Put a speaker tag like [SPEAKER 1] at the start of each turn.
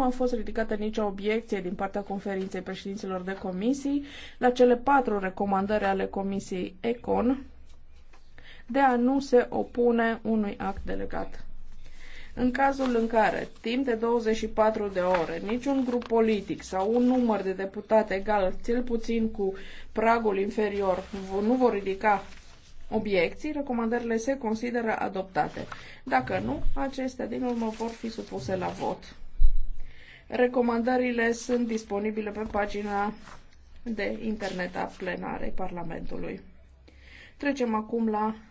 [SPEAKER 1] Nu a fost ridicată nicio obiecție din partea conferinței președinților de comisii la cele patru recomandări ale comisiei ECON de a nu se opune unui act delegat. În cazul în care, timp de 24 de ore, niciun grup politic sau un număr de deputate egal, cel puțin cu pragul inferior, nu vor ridica obiecții, recomandările se consideră adoptate. Dacă nu, acestea din urmă vor fi supuse la vot. Recomandările sunt disponibile pe pagina de internet a plenarei Parlamentului.
[SPEAKER 2] Trecem acum la